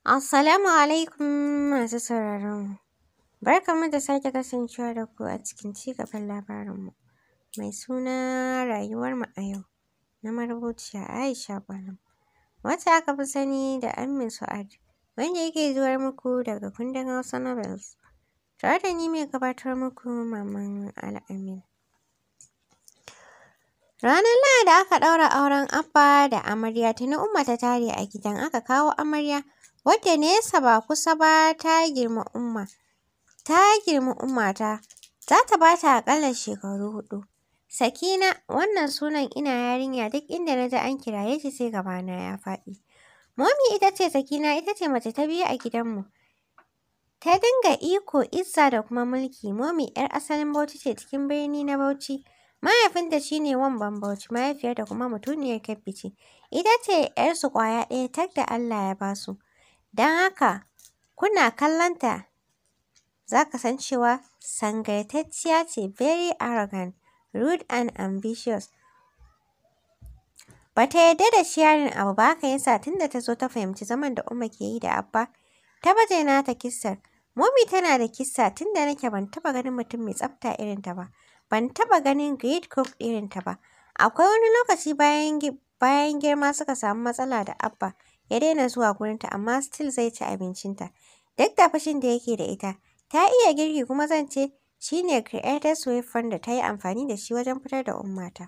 Assalamu alaikum masu sauraronmu. Barkanmu da sake kasancewa da ku a cikin cigaban labarinmu. Mai suna rayuwarmu a yau na marubuciya Aisha Gwalam. Wacce aka fi sani da Ammi Su'ad, wanda yake zuwa muku daga kundin Hausa Novels. Tare da ni mai gabatar muku Maman Al'amin. Ranar Lahadi aka ɗaura auren Abba da amarya tuni Umma ta tare a gidan aka kawo amarya. wadda nesa ba kusa ba ta girma Umma. Ta umma Ummata, za ta ba ta aƙalla shekaru huɗu. Sakina, wannan sunan ina yarinya duk inda na ji an kiraye shi sai gabana ya faɗi. Momi ita ce Sakina ita ce mace ta biyu a gidanmu. Ta dinga iko, izza da kuma mulki. Momi 'yar asalin Bauchi ce cikin birni na Bauchi. Mahaifinta shi ne Wamban Bauchi, mahaifiyarta kuma mutuniyar Kebbi ce. Ita ce 'yarsu ƙwaya ɗaya tak da Allah ya ba su. Don haka, kuna kallonta za ka san cewa sangaitacciya ce very arrogant, rude and ambitious. Ba ta yarda da sharing abu ba haka yasa da ta zo ta fahimci zaman da umar ke yi da Abba, ta baje nata kissar. Mummy tana da kissa da nake ban taba ganin mutum mai tsafta irin ta ba. Ban taba ganin great cook ta ba. Akwai wani lokaci bayan girma suka samu matsala da Abba. ya daina zuwa gurinta amma still zai ci abincinta. Duk da fashin da yake da ita, ta iya girki kuma zan ce shi ne creators Fund da ta yi amfani da shi wajen fitar da ummata.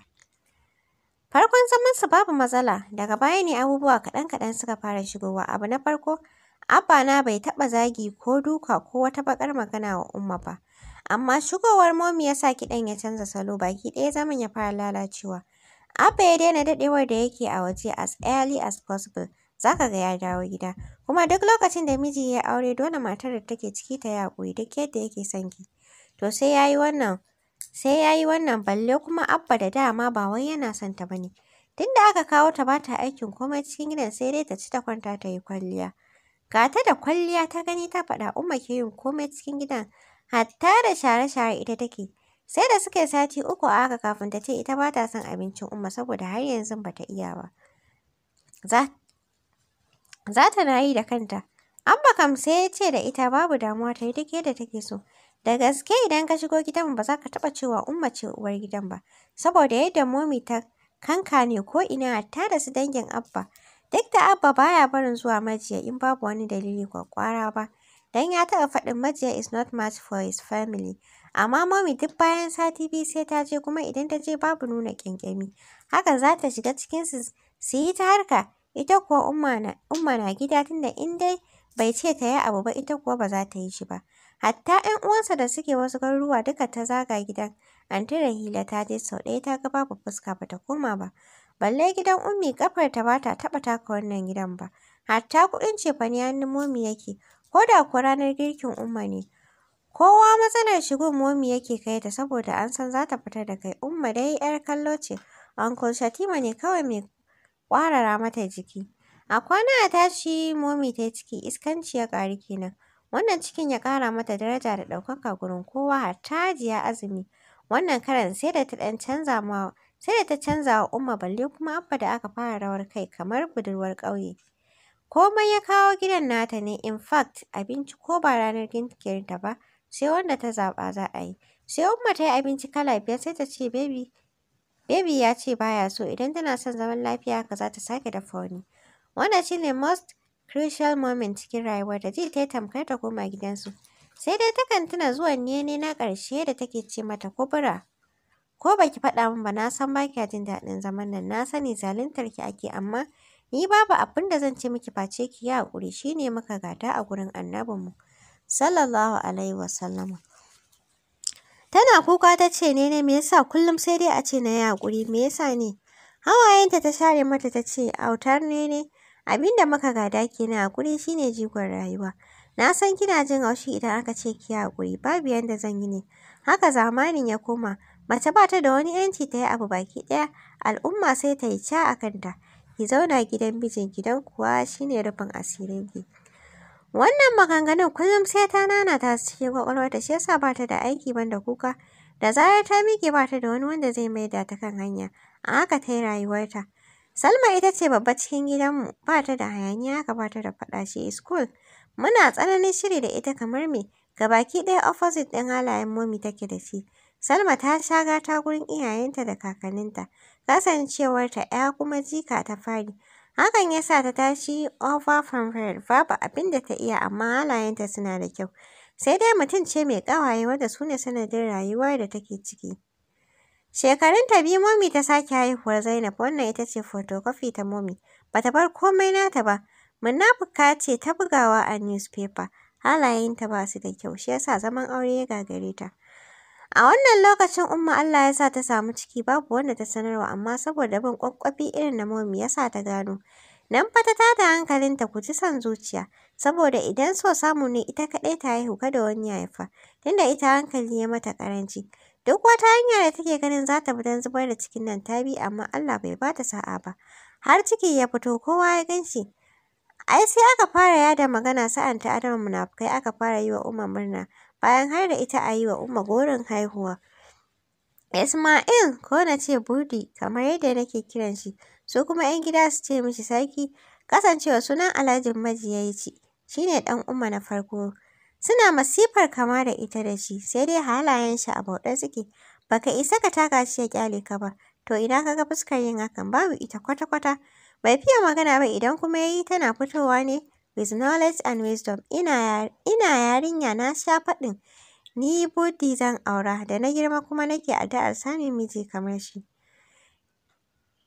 Farkon zaman su babu matsala, daga baya ne abubuwa kaɗan-kaɗan suka fara shigowa. Abu na farko, Abba na bai taɓa zagi ko duka ko wata bakar magana wa umma ba. Amma shigowar momi ya sa kiɗan ya canza salo baki ɗaya zaman ya fara lalacewa. Abba ya daina daɗewar da yake a waje as early as possible. za ka ga ya dawo gida. Kuma duk lokacin da miji ya aure dole matar da take ciki ta yi haƙuri duk yadda yake son ki. To sai ya yi wannan sai yayi wannan balle kuma Abba da dama ba wai yana son ta ba ne. Tun aka kawo ta bata aikin komai cikin gidan sai dai ta ci ta kwanta ta yi kwalliya. Ga ta da kwalliya ta gani ta faɗa Umma ke yin komai cikin gidan hatta da share-share ita take. Sai da suke sati uku a haka kafin ta ce ita ba ta son abincin Umma saboda har yanzu ba ta iya ba. Za ta na yi da kanta. Amma kam sai ya ce da ita babu damuwa ta yi duk yadda take so. Da gaske idan ka shigo gidan ba za ka taɓa cewa Umma ce uwar gidan ba, saboda yadda momi ta kanka ne ko ina ta da su dangin Abba. Duk da Abba baya barin zuwa majiya in babu wani dalili kwakwara ba, Dan ya taɓa faɗin majiya is not much for his family. Amma momi duk bayan sati biyu sai ta je kuma idan ta je babu nuna ƙyanƙyami. Haka za ta shiga cikin su su yi ta harka. Ita kuwa Umma na gida tunda in dai bai ce ta yi abu ba ita kuwa ba za ta yi shi ba. Hatta 'yan uwansa da suke wasu garuruwa duka ta zaga gidan. Anti Rahila ta je sau ɗaya ta ga babu fuska ba ta koma ba. Balle gidan Ummi kafar ta ba ta taɓa taka wannan gidan ba. Hatta kuɗin cefane hannun Momi yake. Ko da kuwa ranar girkin Umma ne. Kowa matsalar shigon Momi yake kai ta saboda an san za ta fita da kai. Umma dai 'yar kallo ce. Uncle Shatima ne kawai mai Ƙwarara mata jiki. A kwana a tashi momi ta yi ciki iskanci ya ƙaru kenan. Wannan cikin ya ƙara mata daraja da ɗaukaka gurin kowa hatta Hajiya Azumi. Wannan karan sai da ta ɗan canza ma sai da ta canza wa Umma balle kuma Abba da aka fara rawar kai kamar budurwar ƙauye. Komai ya kawo gidan nata ne in fact abinci ko ba ranar girkinta ba sai wanda ta zaɓa za a yi. Sai Umma ta yi abinci kala biyar sai ta ce baby Baby ya ce baya so idan tana son zaman lafiya haka za ta sake dafa wani. Wannan shi ne most crucial moment cikin rayuwar da Jill ta yi tamkar ta koma gidansu. Sai dai takan tuna zuwan ne na ƙarshe da take ce mata kubura. Ko baki faɗa min ba na san ba kya jin daɗin zaman nan na sani zaluntar ki ake amma ni babu abin da zan ce miki face ki yi haƙuri shine muka gada a gurin annabinmu sallallahu alaihi wa sallama. Tana kuka ta ce ne ne me yasa kullum sai dai a ce na yi hakuri me yasa ne? Hawayenta ta share mata ta ce autar ne ne abin da muka gada kenan haƙuri shine jigon rayuwa. Na san kina jin haushi idan aka ce ki hakuri, babu yanda zan yi ne. Haka zamanin ya koma mace ba ta da wani yanci ta yi abu baki ɗaya al'umma sai ta yi ca a kanta. Ki zauna gidan mijinki don kuwa shine rufin asirinki. Wannan maganganun kullum sai ta nana ta cikin kwakwalwarta shi yasa ba ta da aiki banda kuka. Da zarar ta miƙe ba ta da wani wanda zai maida ta kan hanya. A haka ta yi rayuwarta. Salma ita ce babba cikin gidanmu, ba ta da hayaniya haka ba ta da faɗa shi school. Muna tsananin shiri da ita kamar me, baki ɗaya opposite ɗin halayen momi take da shi. Salma ta sha gata gurin iyayenta da kakanninta, kasancewarta ‘ya kuma jika ta fari. Hakan ya sa ta tashi over from her babu abin da ta iya amma halayenta suna da kyau. Sai dai mutum ce mai ƙawaye wanda su ne sanadin rayuwar da take ciki. Shekarunta biyu momi ta sake haihuwar Zainab wannan ita ce photocopy ta momi. Bata bar komai nata ba. Munafuka ce ta bugawa a newspaper. Halayenta ba su da kyau shi yasa zaman aure ya gagare ta. A wannan lokacin Umma Allah ya sa ta samu ciki babu wanda ta sanarwa amma saboda bin kwakwafi irin na momi ya sa ta gano. Nan fa ta tada hankalinta ku ji son zuciya, saboda idan so samu ne ita kaɗai ta haihu kada wani ya haifa, tunda ita hankali ya mata karanci Duk wata hanya da take ganin za ta bi don zubar da cikin nan ta bi amma Allah bai ba ta sa'a ba. Har ciki ya fito kowa ya gan shi. Ai sai aka fara yada magana sa'an ta adama munafukai aka fara yi wa Umma murna. bayan har da ita a yi wa Umma goron haihuwa. Isma'il ko na ce Budi kamar yadda nake kiran shi, su kuma 'yan gida su ce mishi sarki, kasancewa sunan Alhajin majiyaici ci, shi ne ɗan Umma na farko. Suna masifar kama da ita da shi, sai dai halayen shi a bauɗe suke, Ba ka isa ka taka shi ya kyale ka ba, to ina kaga ga fuskar yin hakan babu ita kwata-kwata. Bai fiye magana ba idan kuma ya yi tana fitowa ne with knowledge and wisdom. Ina yarinya na sha faɗin ni budi zan aura da na girma kuma nake addu'ar sani miji kamar shi.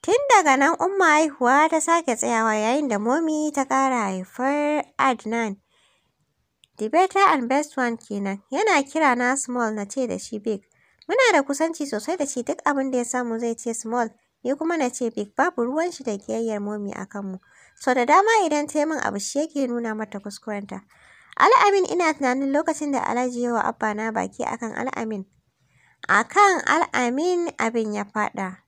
Tun daga nan umma haihuwa ta sake tsayawa yayin da momi ta kara haifar Adnan. The better and best one kenan. Yana kira na small na ce da shi big. Muna da kusanci sosai da shi duk abin da ya samu zai ce small. Ni kuma na ce big babu ruwan shi da kiyayyar momi a kanmu. Sau da dama idan ta yi min abu shi yake nuna mata kuskurenta. Al'amin ina tunanin lokacin da Alhaji wa abba na baki akan al'amin. Akan al'amin abin ya faɗa.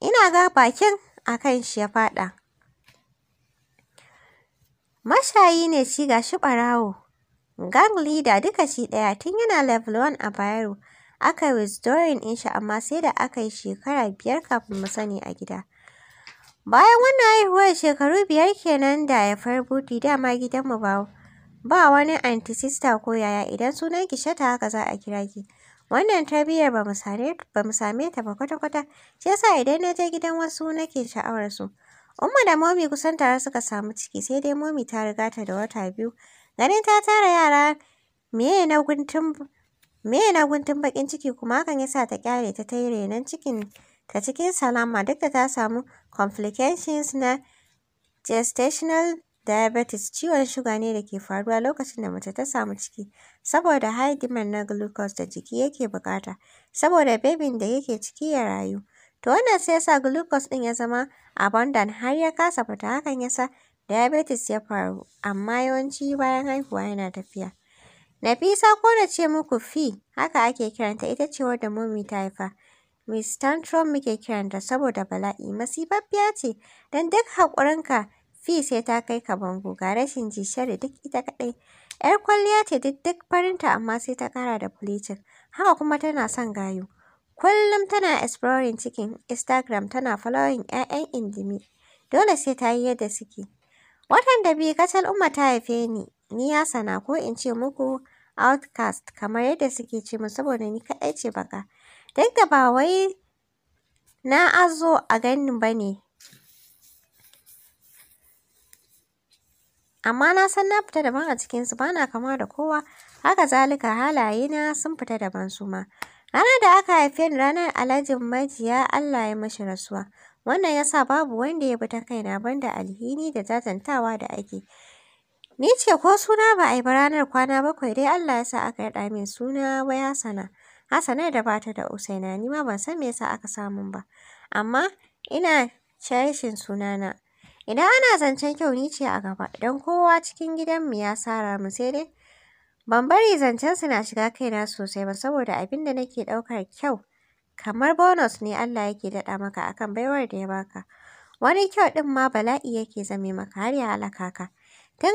Ina ga bakin akan shi ya faɗa. Mashayi ne shi gashi ɓarawo. Gang leader duka shi ɗaya tun yana level 1 a Bayero. Aka yi withdrawing ɗin shi amma sai da aka yi shekara biyar kafin mu sani a gida. Bayan wannan haihuwar shekaru biyar kenan da haifar Budi dama gidanmu ba ba wani anti sister ko yaya idan sunan ki shata haka za a kira ki. Wannan tarbiyyar ba mu same ta ba kwata-kwata, shi yasa idan na je gidan wasu nake sha'awar su. Umma da Momi kusan tare suka samu ciki sai dai Momi ta riga ta da wata biyu. Ganin ta tara yara meye na guntun Meye na guntun bakin ciki kuma hakan yasa ta kyare ta ta yi renon cikin ta cikin salama duk da ta samu complications na gestational diabetes ciwon shuga ne da ke faruwa lokacin da mace ta samu ciki saboda high demand na glucose da jiki yake bukata saboda babin da yake ciki ya rayu to wannan sai yasa glucose din ya zama abundant har ya kasa fita hakan yasa diabetes ya faru amma yawanci bayan haihuwa yana tafiya Nafisa ko na ce muku Fi, haka ake kiranta ita ce wadda Mummy ta haifa. Miss Tantrum muke kiranta saboda bala'i masifaffiya ce, don duk haƙurinka Fi sai ta kai ka bango ga rashin jishari duk ita kaɗai. ‘Yar kwalliya ce duk duk farinta amma sai ta ƙara da bleaching, haka kuma tana son gayu. Kullum tana exploring cikin Instagram tana following 'ya'yan indimi. Dole sai ta yi yadda suke. Watan da biyu kacal Umma ta haife ni, ni ya sana ko in ce muku outcast kamar yadda suke ce mu saboda ni kaɗai ce baka duk da ba wai na azo a ganin ba ne amma na san na fita daban a cikin su bana kama da kowa haka zalika halaye na sun fita daban su ma ranar da aka haife ni ranar alhaji majiya allah ya mashi rasuwa wannan yasa babu wanda ya bi ta kaina banda alhini da jajantawa da ake Ni ce ko suna ba a yi ba ranar kwana bakwai dai Allah ya sa aka yaɗa min suna wai Hassana. Hassanar da ba ta da Usaina ni ma ban san me yasa aka samun ba. Amma ina suna sunana. Idan ana zancen kyau ni ce a gaba Idan kowa cikin gidanmu ya sara mu sai dai ban bari zancen su na shiga kaina sosai ba saboda abin da nake ɗaukar kyau kamar bonus ne Allah yake daɗa maka akan baiwar da ya baka. Wani kyau ɗin ma bala'i yake zame maka har ya halaka ka. Tun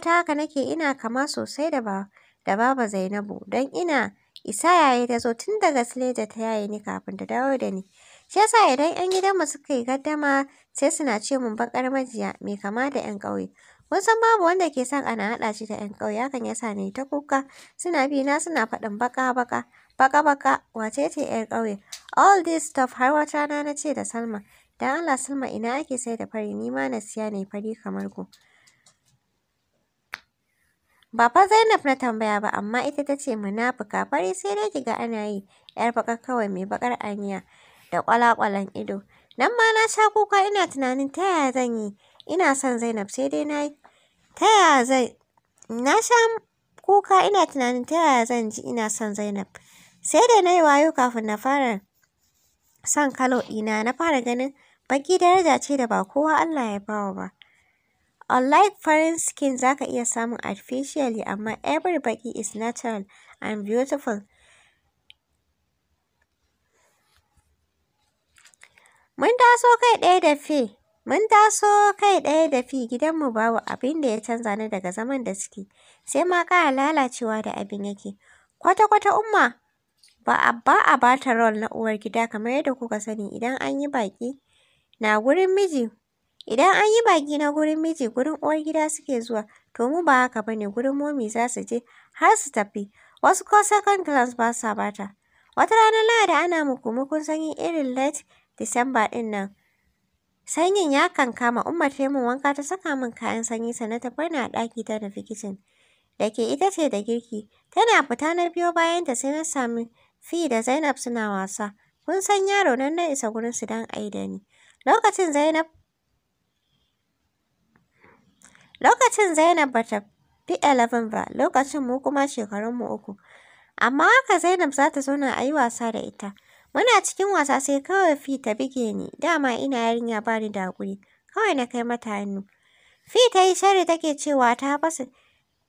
ta haka nake ina kama sosai da ba da baba Zainabu don ina isa yaye ta zo tun daga Sileja ta yaye ni kafin ta dawo da ni. Shi yasa idan 'yan gidanmu suka yi gaddama sai suna ce mun bakar majiya mai kama da 'yan ƙauye. mun san babu wanda ke son ana haɗa shi da 'yan ƙauye hakan yasa ni ta kuka suna bi na suna faɗin baka baka baka baka wace ce 'yan ƙauye. All this stuff har wata rana na ce da Salma dan Allah Salma ina ake sai da fari ni ma na siya ne fari kamar ku. Baba Zainab na tambaya ba amma ita ta ce munafuka fari sai dai kiga ana yi ‘yar baka kawai mai bakar anya da kwalakwalan ido. Nan ma na sha kuka ina tunanin ta yaya zan yi ina son Zainab sai dai na ta yaya zan na sha kuka ina tunanin ta yaya zan ji ina son Zainab. Sai da na wayo kafin na fara son kalo ɗina na fara ganin baki daraja ce da ba kowa Allah ya bawa ba. Unlike farin skin za ka iya samun artificially amma everybody is natural and beautiful. Mun taso kai ɗaya da Mun taso kai ɗaya da fi mu babu abin da ya canza ni daga zaman da suke, sai ma ƙara lalacewa da abin yake. Kwata-kwata Umma ba a ba a bata rol na uwar gida kamar yadda kuka sani idan an yi baƙi na gurin miji Idan an yi baki na gurin miji gurin uwar gida suke zuwa, to mu ba haka bane gurin momi za su je har su tafi. Wasu ko second class ba sa bata. Wata ranar Lahadi ana mukumukun sanyi irin late December ɗin nan. Sanyin ya kankama Umma ta min wanka ta saka min kayan sanyi sannan ta farna a ɗaki ta nufi kitchen. Da ke ita ce da girki, tana fita na biyo bayan ta sai na sami fi da Zainab suna wasa. Kun san yaro nan na isa gurin su dan ai da ni. Lokacin Zainab Lokacin Zainab ba ta fi 11 ba, lokacin mu kuma shekarun mu uku. Amma haka Zainab za ta zauna a yi wasa da ita. Muna cikin wasa sai kawai fi ta bige ni, dama ina yarinya ba ni da haƙuri, kawai na kai mata hannu. Fi ta yi shari take cewa ta fasa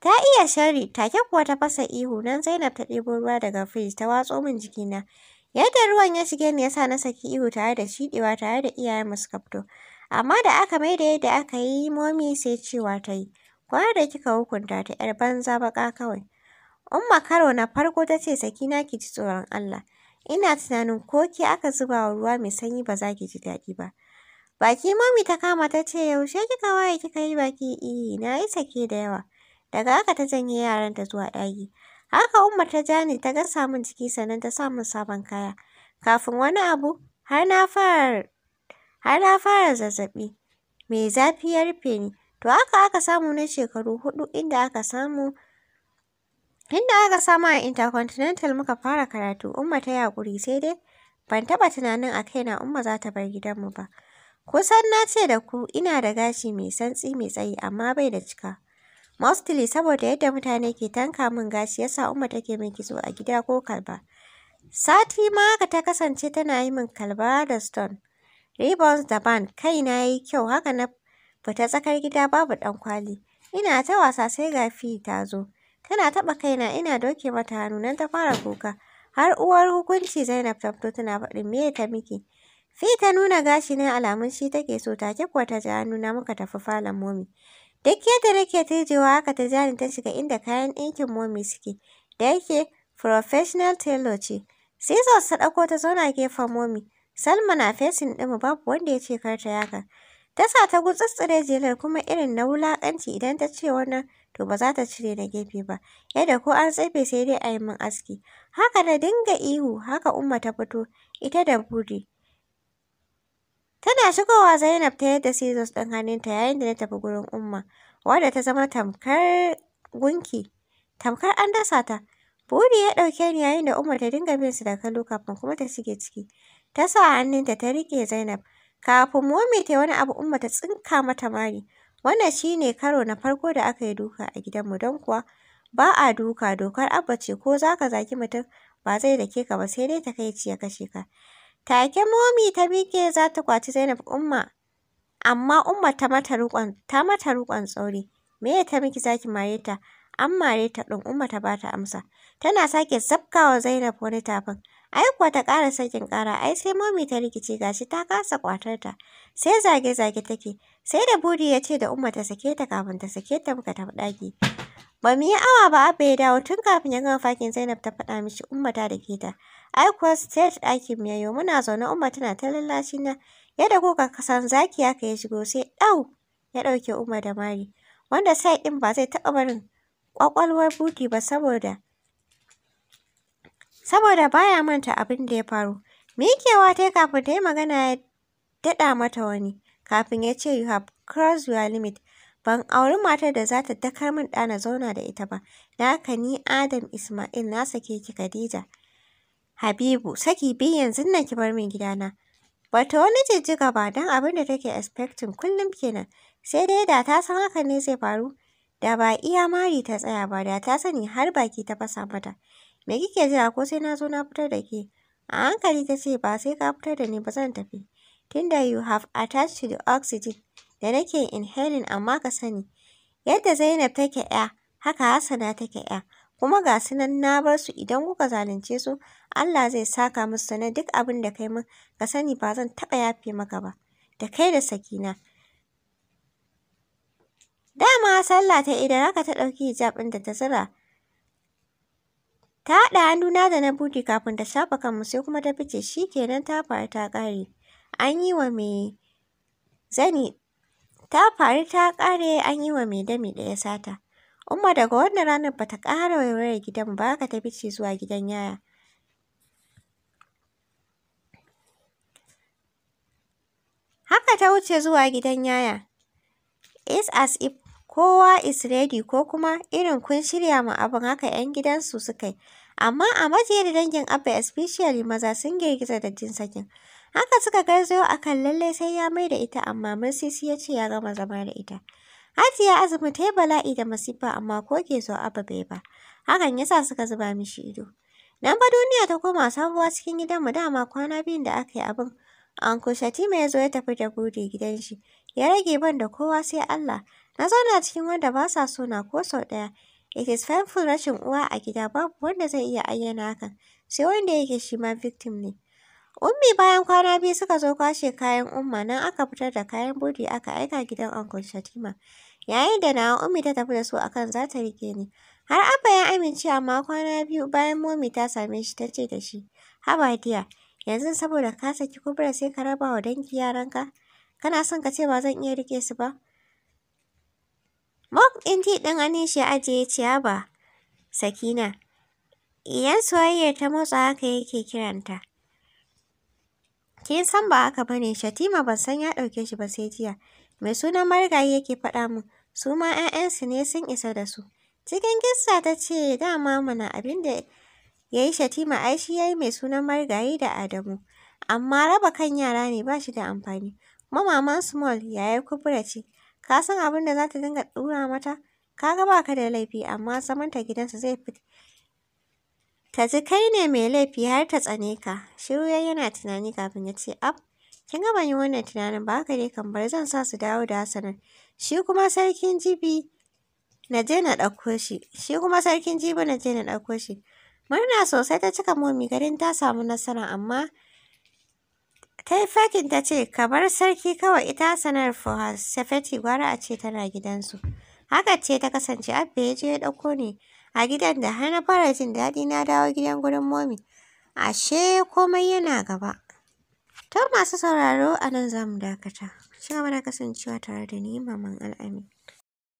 ta iya shari, take kuwa ta fasa ihu, nan Zainab ta ɗebo ruwa daga firij ta watso min jikina. Yadda ruwan ya shige ni ya sa na saki ihu tare da shiɗewa tare da mu suka fito. Amma da aka maida yadda aka yi momi sai cewa ta yi, kwanar da kika hukunta ta ‘yar banza baka kawai. Umma karo na farko ta ce sakina ki ji tsoron Allah. Ina tunanin ko ki aka zuba wa ruwa mai sanyi ba za ki ji daɗi ba. Baki momi ta kama ta ce yaushe kika waye kika yi baki iyi na yi sake da yawa. Daga haka ta janye yaran ta zuwa ɗaki. Haka Umma ta ja ni ta gasa min jiki sannan ta sa sabon kaya. Kafin wani abu har na fara har na fara zazzaɓi mai zafi ya rufe ni. To haka aka samu na shekaru huɗu inda aka samu inda aka samu a Intercontinental muka fara karatu Umma ta yaƙuri sai dai ban taɓa tunanin a kaina Umma za ta bar gidanmu ba. Kusan na ce da ku ina da gashi mai santsi mai tsayi amma bai da cika. Mostly saboda yadda mutane ke tanka min gashi yasa Umma take min kitso a gida ko kalba. Sati ma haka ta kasance tana yi min kalba da stone. Rebounds daban, kaina ya yi kyau, haka na fita tsakar gida babu ɗankwali. Ina ta wasa sai ga Fi ta zo. Tana taɓa kaina ina doke mata hannu nan ta fara kuka. Har uwar hukunci Zainab ta tana faɗin me ta miki. Fi ta nuna gashi na alamun shi take so take kuwa ta ji hannuna muka tafi falon momi. Duk yadda nake turjewa haka ta jani ta shiga inda kayan ɗinkin momi suke. Da yake professional tailor ce. Scissors ta ɗauko ta zauna gefen momi. Salma na fesin ɗinmu babu wanda ya ce kar ta yakan. Ta sa ta gutsutsire jelar kuma irin na wulaƙanci idan ta ce wannan to ba za ta cire na gefe ba. Yadda ko an tsefe sai dai a yi min aski. Haka na dinga ihu haka Umma ta fito ita da buri. Tana shigowa Zainab ta yadda scissors ɗin hannunta yayin da na tafi gurin Umma wadda ta zama tamkar gunki. Tamkar an dasa ta. Buri ya ɗauke ni yayin da umma ta dinga bin su da kallo kafin kuma ta shige ciki. Ta sa hannunta ta riƙe Zainab. Kafin Momi ta wani abu Umma ta tsinka mata mari. Wannan shi ne karo na farko da aka yi duka a gidanmu don kuwa ba a duka dokar Abba ce ko za ka zaki mutum ba zai dake ka ba sai dai ta ya kashe ka. Take Momi ta miƙe za ta kwaci Zainab Umma amma Umma ta mata rukon ta mata tsauri. Me ya ta miki zaki mare ta? An mare ta ɗin Umma ta bata amsa. Tana sake zabkawa Zainab wani tafin. Ai kuwa ta ƙara sakin ƙara, ai sai Mami ta rikice gashi ta kasa kwatar ta. Sai zage-zage take, sai da buri ya ce da Umma ta sake ta kafin ta sake ta muka tafi ɗaki. Ba mu yi awa ba Abba ya dawo tun kafin ya gama fakin Zainab ta faɗa mishi Umma ta da ta. Ai kuwa ta ɗakin mu yayo muna zaune Umma tana ta lallashi na. Yadda kuka san zaki ka ya shigo sai ɗau ya ɗauke Umma da Mari. Wanda sai ɗin ba zai taɓa barin ƙwaƙwalwar buɗi ba saboda saboda baya manta abin da ya faru. Mikewa ta kafin ta yi magana ya daɗa mata wani, kafin ya ce you have crossed your limit. Ban auri matar da za ta dakar min ɗa na zauna da ita ba, na haka ni Adam Ismail na sake ki Khadija. Habibu, saki bi yanzu nan ki bar min gidana. Bata wani jijjiga ba don abin da take expecting kullum kenan, sai dai da ta san haka ne zai faru. Da ba iya mari ta tsaya ba, da ta sani har baki ta fasa mata. Me kike jira ko sai na zo na fitar da ke? A hankali ta ce ba sai ka fitar da ni ba zan tafi. Tunda you have attached to the oxygen da nake inhaling amma ka sani. Yadda Zainab take ya, haka Hassana take ya. Kuma ga su nan na bar su idan kuka zalunce su, Allah zai saka musu na duk abin da kai min ka sani ba zan taɓa yafe maka ba. Da kai da sakina. Dama sallah ta idan haka ta ɗauki hijab ɗin da ta zira. Ta haɗa hannuna da na buɗe kafin ta shafa kanmu sai kuma ta fice shi kenan ta faru ta ƙare. An yi wa mai zani ta faru ta ƙare an yi wa mai dami ɗaya sata. Umma daga wannan ranar ba ta ƙara waiwayar gidan ba haka ta fice zuwa gidan yaya. Haka ta wuce zuwa gidan yaya. It's as if kowa is ready ko kuma irin kun shirya mu abin haka 'yan gidansu suka yi. Amma a da dangin Abba especially maza sun girgiza da jin sakin. Haka suka garzayo a kan lallai sai ya mai da ita amma Mursisi ya ce ya gama zama da ita. ya Azumi ta yi bala'i da masifa amma ko ke so Abba bai ba. Hakan yasa suka zuba mishi ido. Nan ba duniya ta koma sabuwa cikin gidan mu dama kwana biyun da aka yi abin. Anko Shatima ya zo ya tafi da gode gidan shi. Ya rage ban da kowa sai Allah. Na zauna cikin wanda ba sa so na ko sau ɗaya. It is painful rashin uwa a gida babu wanda zai iya ayyana hakan, sai wanda yake shi ma victim ne. Ummi bayan kwana biyu suka zo kwashe kayan umma nan aka fitar da kayan budi aka aika gidan Uncle Shatima. Yayin da na ummi ta tafi da su akan za ta rike ni. Har Abba ya amince amma kwana biyu bayan momi ta same shi ta ce da shi, Haba diya, yanzu saboda ka saki kubura sai ka rabawa wa dangi yaranka? Kana son ka ce ba zan iya rike su ba? Mug ɗin ti ɗin a ya ajiye ciyaba. Sakina, iyan soyayya ta motsa haka yake kiranta. Kin san ba haka bane Shatima ban san ya ɗauke shi ba sai jiya. Mai sunan marga yake faɗa min su ma 'ya'yansu ne sun isa da su. Cikin kissa ta ce dama mana abin da ya yi Shatima ai shi ya yi mai sunan margayi da Adamu. Amma raba kan yara ne ba shi da amfani. Mamaman Small yi kubura ce. Ka san abin da za ta dinga ɗora mata? Ka ga ba ka da laifi amma zaman ta gidansa zai fi ta ji kai ne mai laifi har ta tsane ka. Shiru ya yana tunani kafin ya ce ab. Kin ga ban yi wannan tunanin ba haka dai kan bar zan sa su dawo da hasanan Shi kuma sarkin jibi na je na ɗauko shi. Shi kuma sarkin jibi na je na ɗauko shi. Murna sosai ta cika momi garin ta samu nasara amma Ta yi fakin ta ce, ka bar sarki kawai ita sanar Fuhas, Safeti gwara a ce tana gidansu. Haka ce ta kasance Abba ya je ya ɗauko ne, a gidan da har na fara jin daɗi na dawo gidan gurin momi. Ashe komai yana gaba. Ta masu sauraro a nan za mu dakata. Ci gaba da kasancewa tare da ni Maman Al'amin.